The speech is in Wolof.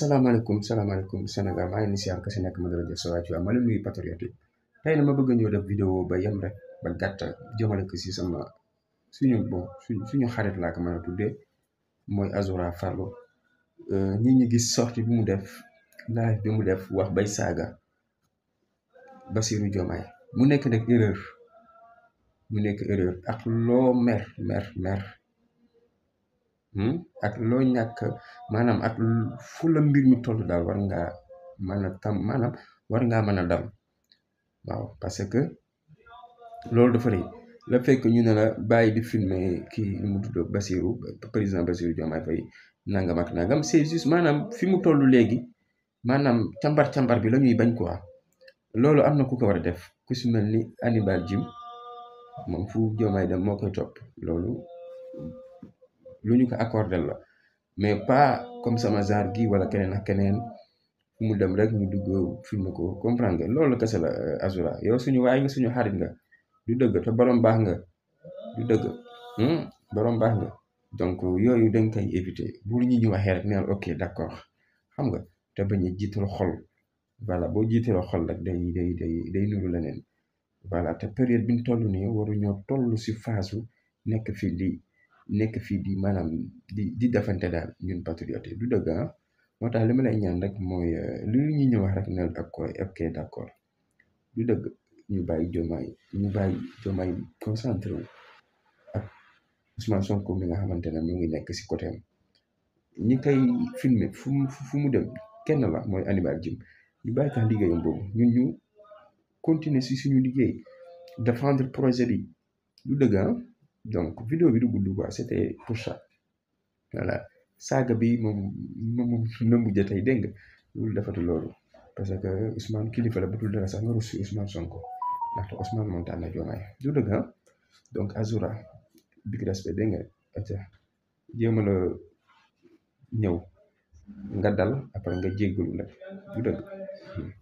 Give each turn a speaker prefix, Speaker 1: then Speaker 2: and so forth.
Speaker 1: salaamaaleykum salaamaaleykum Sénégal maa ngi leen di siyaar si nekk ma doon jëf sa waa ci waa ma leen nuyu patriote yi tey na ma bëgg ñëw def vidéo ba yem rek ba gàttal jëmale ko si sama suñu su suñu xarit laa ko mën a tuddee mooy Azoura Fallou ñi euh, ñi gis sorti bi mu def live bi mu def wax bay saaga Bassirou Diomaye mu nekk nag erreur mu nekk erreur ak loo mer mer mer Hmm? ak loo ñàkk maanaam ak fu la mbir mu toll daal war ngaa mën a tam maanaam war ngaa mën a dal waaw parce que loolu dafa rëy la fekk ñu ne la bàyyi di filmer kii nu mu tudd Basirou président Basirou Diomaye Faye nangam ak nangam c'est juste maanaam fi mu tollu léegi maanaam cambar cambar bi la ñuy bañ quoi loolu am na ku ko war a def ku si ni Hannibal Jim moom fu Diomaye dem moo koy topp loolu. lu ñu ko accordé la mais pas comme sama genre gi wala keneen ak keneen fu mu dem rek ñu dugg filmer ko comprendre nga loolu kese la euh, Azoura yow suñu waay nga suñu xarit nga du dëgg ta borom baax nga du dëgg hmm? borom baax nga donc yooyu dang koy éviter bu ñu ñu waxee rek neen ok d'accord xam nga te bañ a jiital xol voilà boo jiitaloo xol rek day day day day nuru leneen voilà te période bi ñu toll nii waruñoo toll si phase nekk fii di nekk fii di maanaam di di defante daal ñun patriote du dëgg ah moo tax li ma lay ñaan rek mooy euh, li ñu ñuy wax rek nel ak koy ok d' accord du dëgg ñu bàyyi jomaay ñu bàyyi jomaay concentré wu ak Ousmane Sonko mi nga xamante ne mu ngi nekk si côté am ñi koy filmer fu mu fu mu dem kenn la mooy animal jim ñu bàyyi tax liggéeyam boobu ñun ñu continuer si suñu liggéey défendre projet bi du dëgg ah. donc vidéo bi du gudd quoi c' était pour ça saaga bi moom moom na mujj tey dégg nga loolu defatu loolu parce que Ousmane kilifa la bu dul dara sax nga russi Sonko ndaxte Ousmane moom tànn na Diomaye du dëgg ah donc Azura big respect dégg nga a la ñëw nga dal après nga jéggalu nag du dëgg. Hmm.